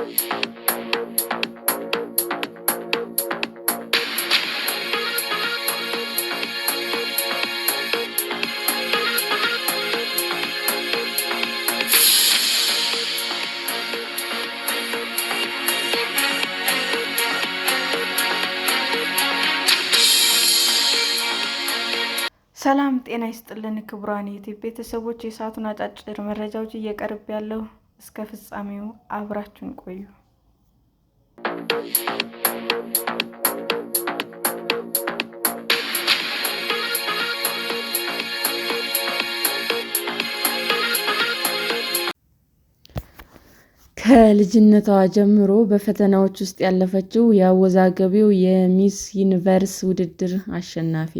ሰላም ጤና ይስጥልን ክቡራን የዩቲዩብ ቤተሰቦች፣ የሰዓቱን አጫጭር መረጃዎች እየቀርብ ያለው እስከ ፍጻሜው አብራችን ቆዩ። ከልጅነቷ ጀምሮ በፈተናዎች ውስጥ ያለፈችው የአወዛጋቢው የሚስ ዩኒቨርስ ውድድር አሸናፊ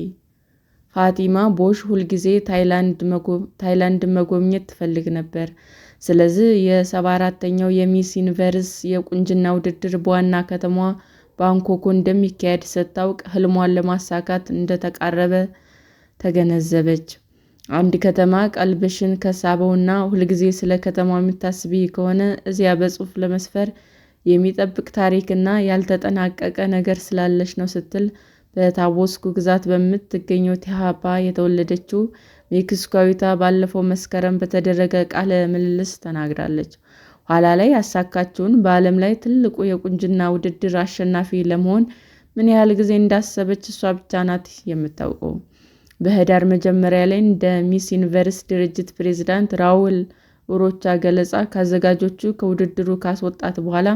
ፋቲማ ቦሽ ሁልጊዜ ታይላንድ መጎብኘት ትፈልግ ነበር፣ ስለዚህ የ74ኛው የሚስ ዩኒቨርስ የቁንጅና ውድድር በዋና ከተማዋ ባንኮክ እንደሚካሄድ ስታውቅ ህልሟን ለማሳካት እንደተቃረበ ተገነዘበች። አንድ ከተማ ቀልብሽን ከሳበውና ሁልጊዜ ስለ ከተማው የምታስቢ ከሆነ እዚያ በጽሑፍ ለመስፈር የሚጠብቅ ታሪክና ያልተጠናቀቀ ነገር ስላለሽ ነው ስትል በታቦስኩ ግዛት በምትገኘው ቲሃፓ የተወለደችው ሜክሲካዊቷ ባለፈው መስከረም በተደረገ ቃለ ምልልስ ተናግራለች። ኋላ ላይ ያሳካችውን በዓለም ላይ ትልቁ የቁንጅና ውድድር አሸናፊ ለመሆን ምን ያህል ጊዜ እንዳሰበች እሷ ብቻ ናት የምታውቀው። በህዳር መጀመሪያ ላይ እንደ ሚስ ዩኒቨርስ ድርጅት ፕሬዝዳንት ራውል ኡሮቻ ገለጻ ከአዘጋጆቹ ከውድድሩ ካስወጣት በኋላ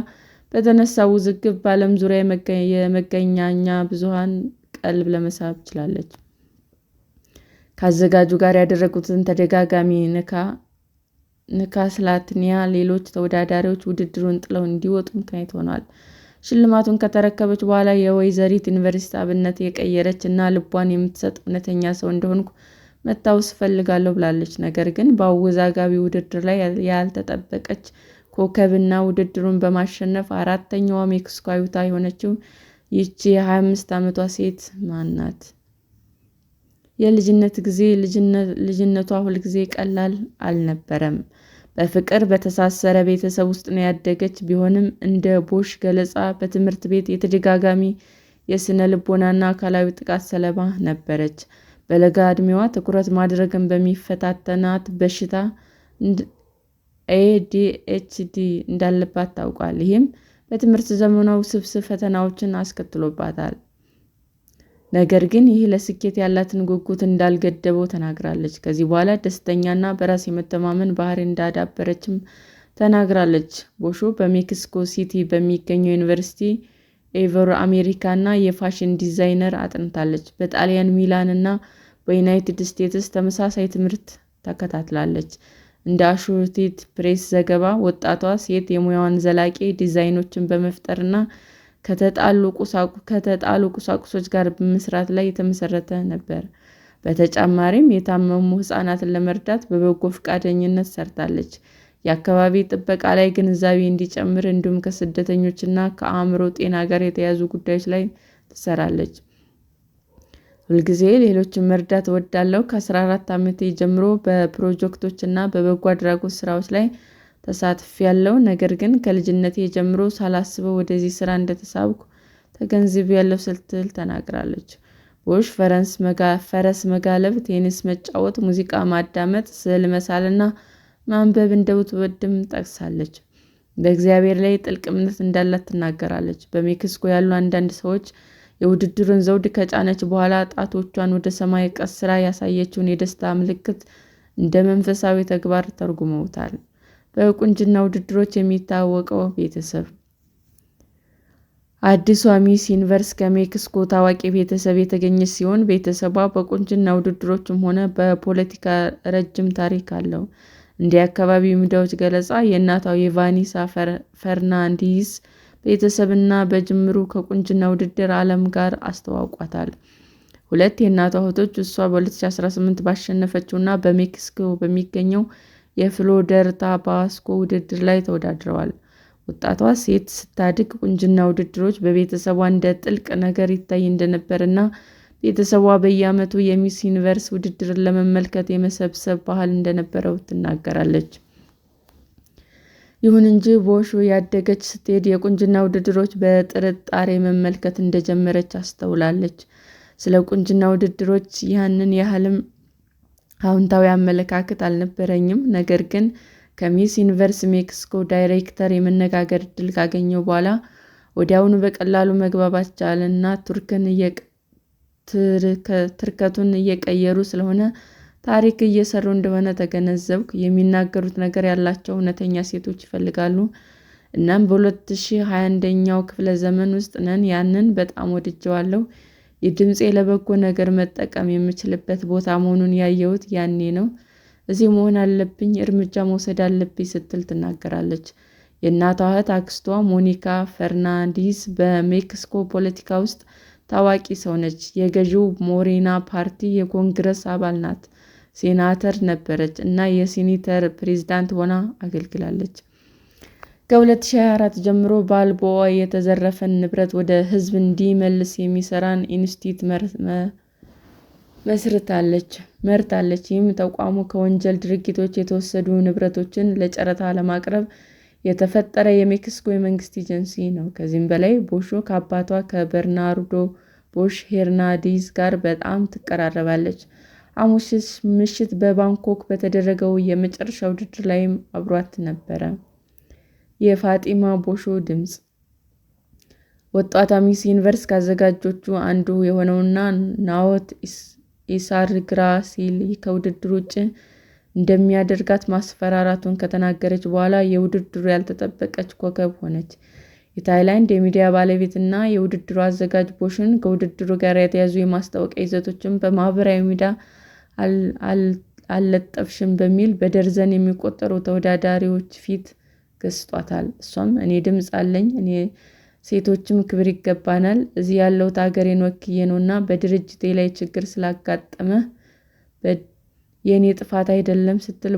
በተነሳው ውዝግብ በዓለም ዙሪያ የመገናኛ ብዙሃን ቀልብ ለመሳብ ችላለች። ከአዘጋጁ ጋር ያደረጉትን ተደጋጋሚ ንካ ስላትኒያ ሌሎች ተወዳዳሪዎች ውድድሩን ጥለው እንዲወጡ ምክንያት ሆኗል። ሽልማቱን ከተረከበች በኋላ የወይዘሪት ዩኒቨርሲቲ አብነት የቀየረች እና ልቧን የምትሰጥ እውነተኛ ሰው እንደሆንኩ መታወስ እፈልጋለሁ ብላለች። ነገር ግን በአወዛጋቢ ውድድር ላይ ያልተጠበቀች ኮከብና ውድድሩን በማሸነፍ አራተኛዋ ሜክሲካዊቷ የሆነችው ይቺ የ25 ዓመቷ ሴት ማን ናት? የልጅነት ጊዜ ልጅነቷ ሁልጊዜ ቀላል አልነበረም። በፍቅር በተሳሰረ ቤተሰብ ውስጥ ነው ያደገች። ቢሆንም እንደ ቦሽ ገለጻ በትምህርት ቤት የተደጋጋሚ የስነ ልቦናና አካላዊ ጥቃት ሰለባ ነበረች። በለጋ ዕድሜዋ ትኩረት ማድረግን በሚፈታተናት በሽታ ኤዲኤችዲ እንዳለባት ታውቋል። ይህም በትምህርት ዘመኗ ውስብስብ ፈተናዎችን አስከትሎባታል። ነገር ግን ይህ ለስኬት ያላትን ጉጉት እንዳልገደበው ተናግራለች። ከዚህ በኋላ ደስተኛና በራስ የመተማመን ባህሪ እንዳዳበረችም ተናግራለች። ቦሾ በሜክሲኮ ሲቲ በሚገኘው ዩኒቨርሲቲ ኤቨሮ እና የፋሽን ዲዛይነር አጥንታለች። በጣሊያን ሚላን እና በዩናይትድ ስቴትስ ተመሳሳይ ትምህርት ተከታትላለች። እንደ አሶሼትድ ፕሬስ ዘገባ፣ ወጣቷ ሴት የሙያዋን ዘላቂ ዲዛይኖችን በመፍጠርና ከተጣሉ ቁሳቁሶች ጋር በመስራት ላይ የተመሰረተ ነበር። በተጨማሪም የታመሙ ህጻናትን ለመርዳት በበጎ ፈቃደኝነት ሰርታለች። የአካባቢ ጥበቃ ላይ ግንዛቤ እንዲጨምር እንዲሁም ከስደተኞችና ከአእምሮ ጤና ጋር የተያያዙ ጉዳዮች ላይ ትሰራለች። ሁልጊዜ ሌሎችን መርዳት እወዳለሁ። ከ14 ዓመቴ ጀምሮ በፕሮጀክቶች እና በበጎ አድራጎት ስራዎች ላይ ተሳትፌያለሁ። ነገር ግን ከልጅነቴ ጀምሮ ሳላስበው ወደዚህ ስራ እንደተሳብኩ ተገንዝቤያለሁ ስትል ተናግራለች። ቦሽ ፈረስ መጋለብ፣ ቴኒስ መጫወት፣ ሙዚቃ ማዳመጥ፣ ስዕል መሳል እና ማንበብ እንደምትወድም ጠቅሳለች። በእግዚአብሔር ላይ ጥልቅ እምነት እንዳላት ትናገራለች። በሜክሲኮ ያሉ አንዳንድ ሰዎች የውድድሩን ዘውድ ከጫነች በኋላ ጣቶቿን ወደ ሰማይ ቀስራ ያሳየችውን የደስታ ምልክት እንደ መንፈሳዊ ተግባር ተርጉመውታል። በቁንጅና ውድድሮች የሚታወቀው ቤተሰብ አዲሷ ሚስ ዩኒቨርስ ከሜክሲኮ ታዋቂ ቤተሰብ የተገኘች ሲሆን ቤተሰቧ በቁንጅና ውድድሮችም ሆነ በፖለቲካ ረጅም ታሪክ አለው። እንደ አካባቢው ሚዲያዎች ገለጻ የእናቷ የቫኒሳ ፈርናንዲዝ ቤተሰብና በጅምሩ ከቁንጅና ውድድር ዓለም ጋር አስተዋውቋታል። ሁለት የእናቷ እህቶች እሷ በ2018 ባሸነፈችውና በሜክሲኮ በሚገኘው የፍሎደርታ ባስኮ ውድድር ላይ ተወዳድረዋል። ወጣቷ ሴት ስታድግ ቁንጅና ውድድሮች በቤተሰቧ እንደ ጥልቅ ነገር ይታይ እንደነበርና ቤተሰቧ በየዓመቱ የሚስ ዩኒቨርስ ውድድርን ለመመልከት የመሰብሰብ ባህል እንደነበረው ትናገራለች። ይሁን እንጂ ቦሹ ያደገች ስትሄድ የቁንጅና ውድድሮች በጥርጣሬ መመልከት እንደጀመረች አስተውላለች። ስለ ቁንጅና ውድድሮች ያንን ያህልም አዎንታዊ አመለካከት አልነበረኝም። ነገር ግን ከሚስ ዩኒቨርስ ሜክሲኮ ዳይሬክተር የመነጋገር እድል ካገኘው በኋላ ወዲያውኑ በቀላሉ መግባባት ቻለ እና ትርከቱን እየቀየሩ ስለሆነ ታሪክ እየሰሩ እንደሆነ ተገነዘብኩ። የሚናገሩት ነገር ያላቸው እውነተኛ ሴቶች ይፈልጋሉ። እናም በ2021ኛው ክፍለ ዘመን ውስጥ ነን። ያንን በጣም ወድጀዋለሁ። የድምፄ ለበጎ ነገር መጠቀም የምችልበት ቦታ መሆኑን ያየሁት ያኔ ነው። እዚህ መሆን አለብኝ፣ እርምጃ መውሰድ አለብኝ ስትል ትናገራለች። የእናቷ እህት አክስቷ ሞኒካ ፈርናንዲስ በሜክሲኮ ፖለቲካ ውስጥ ታዋቂ ሰው ነች። የገዢው ሞሬና ፓርቲ የኮንግረስ አባል ናት። ሴናተር ነበረች እና የሴኔተር ፕሬዝዳንት ሆና አገልግላለች። ከ2024 ጀምሮ በአልቦዋ የተዘረፈን ንብረት ወደ ሕዝብ እንዲመልስ የሚሰራን ኢንስቲት መስርታለች መርታለች። ይህም ተቋሙ ከወንጀል ድርጊቶች የተወሰዱ ንብረቶችን ለጨረታ ለማቅረብ የተፈጠረ የሜክሲኮ የመንግስት ኤጀንሲ ነው። ከዚህም በላይ ቦሾ ከአባቷ ከበርናርዶ ቦሽ ሄርናንዴዝ ጋር በጣም ትቀራረባለች። ሐሙስ ምሽት በባንኮክ በተደረገው የመጨረሻ ውድድር ላይም አብሯት ነበረ። የፋጢማ ቦሾ ድምፅ ወጣቷ ሚስ ዩኒቨርስ ካዘጋጆቹ አንዱ የሆነውና ናዎት ኢሳርግራ ሲል ከውድድር ውጭ እንደሚያደርጋት ማስፈራራቱን ከተናገረች በኋላ የውድድሩ ያልተጠበቀች ኮከብ ሆነች። የታይላንድ የሚዲያ ባለቤት እና የውድድሩ አዘጋጅ ቦሽን ከውድድሩ ጋር የተያያዙ የማስታወቂያ ይዘቶችን በማህበራዊ ሚዲያ አልለጠፍሽም በሚል በደርዘን የሚቆጠሩ ተወዳዳሪዎች ፊት ገስጧታል። እሷም እኔ ድምፅ አለኝ፣ እኔ ሴቶችም ክብር ይገባናል፣ እዚህ ያለሁት ሀገሬን ወክዬ እና በድርጅቴ ላይ ችግር ስላጋጠመ የእኔ ጥፋት አይደለም ስትል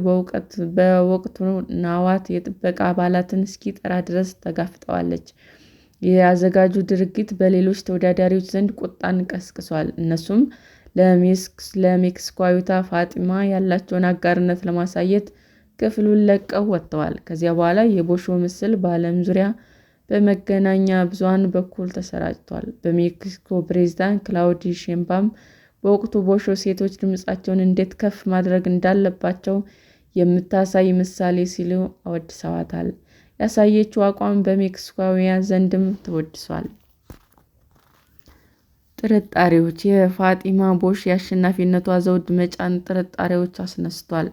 በወቅቱ ናዋት የጥበቃ አባላትን እስኪጠራ ድረስ ተጋፍጠዋለች። የአዘጋጁ ድርጊት በሌሎች ተወዳዳሪዎች ዘንድ ቁጣን ቀስቅሷል። እነሱም ለሜክሲኮዊቷ ፋጢማ ያላቸውን አጋርነት ለማሳየት ክፍሉን ለቀው ወጥተዋል። ከዚያ በኋላ የቦሾ ምስል በዓለም ዙሪያ በመገናኛ ብዙሃን በኩል ተሰራጭቷል። በሜክሲኮ ፕሬዚዳንት ክላውዲ ሼምባም በወቅቱ ቦሾ ሴቶች ድምፃቸውን እንዴት ከፍ ማድረግ እንዳለባቸው የምታሳይ ምሳሌ ሲሉ አወድሰዋታል። ያሳየችው አቋም በሜክሲኮውያን ዘንድም ተወድሷል። ጥርጣሬዎች የፋጢማ ቦሽ የአሸናፊነቷ ዘውድ መጫን ጥርጣሬዎች አስነስቷል።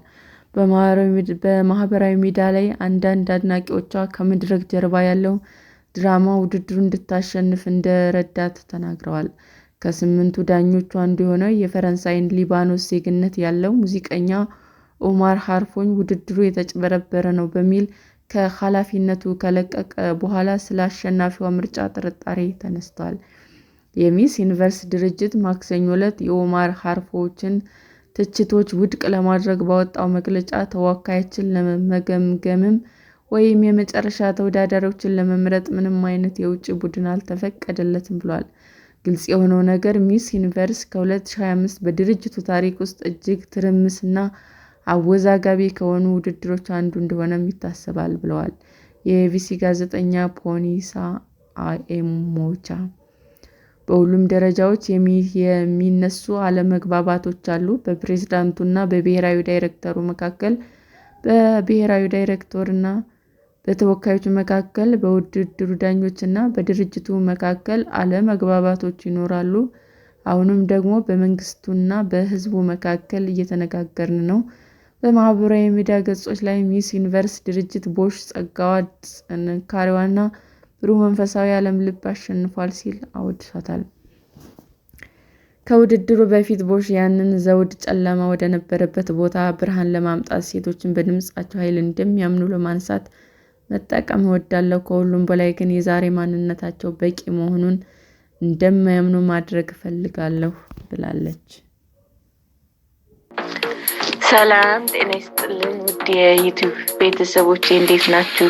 በማህበራዊ ሚዲያ ላይ አንዳንድ አድናቂዎቿ ከመድረክ ጀርባ ያለው ድራማ ውድድሩ እንድታሸንፍ እንደረዳት ተናግረዋል። ከስምንቱ ዳኞቹ አንዱ የሆነው የፈረንሳይን ሊባኖስ ዜግነት ያለው ሙዚቀኛ ኦማር ሃርፎኝ ውድድሩ የተጭበረበረ ነው በሚል ከኃላፊነቱ ከለቀቀ በኋላ ስለ አሸናፊዋ ምርጫ ጥርጣሬ ተነስቷል። የሚስ ዩኒቨርስ ድርጅት ማክሰኞ ዕለት የኦማር ሀርፎችን ትችቶች ውድቅ ለማድረግ ባወጣው መግለጫ ተወካዮችን ለመገምገምም ወይም የመጨረሻ ተወዳዳሪዎችን ለመምረጥ ምንም አይነት የውጭ ቡድን አልተፈቀደለትም ብሏል። ግልጽ የሆነው ነገር ሚስ ዩኒቨርስ ከ2025 በድርጅቱ ታሪክ ውስጥ እጅግ ትርምስና አወዛጋቢ ከሆኑ ውድድሮች አንዱ እንደሆነም ይታሰባል ብለዋል የቪሲ ጋዜጠኛ ፖኒሳ ኤሞቻ። በሁሉም ደረጃዎች የሚነሱ አለመግባባቶች አሉ። በፕሬዝዳንቱና በብሔራዊ ዳይሬክተሩ መካከል በብሔራዊ ዳይሬክተርና በተወካዮቹ መካከል በውድድሩ ዳኞችና በድርጅቱ መካከል አለመግባባቶች ይኖራሉ። አሁንም ደግሞ በመንግስቱና በህዝቡ መካከል እየተነጋገርን ነው። በማህበራዊ የሚዲያ ገጾች ላይ ሚስ ዩኒቨርስ ድርጅት ቦሽ ጸጋዋ፣ ጥንካሬዋና ብሩህ መንፈሳዊ ዓለም ልብ አሸንፏል ሲል አወድሷታል። ከውድድሩ በፊት ቦሽ ያንን ዘውድ ጨለማ ወደ ነበረበት ቦታ ብርሃን ለማምጣት ሴቶችን በድምፃቸው ኃይል እንደሚያምኑ ለማንሳት መጠቀም እወዳለሁ፣ ከሁሉም በላይ ግን የዛሬ ማንነታቸው በቂ መሆኑን እንደማያምኑ ማድረግ እፈልጋለሁ ብላለች። ሰላም ጤና ይስጥልን ውድ የዩቱብ ቤተሰቦቼ እንዴት ናችሁ?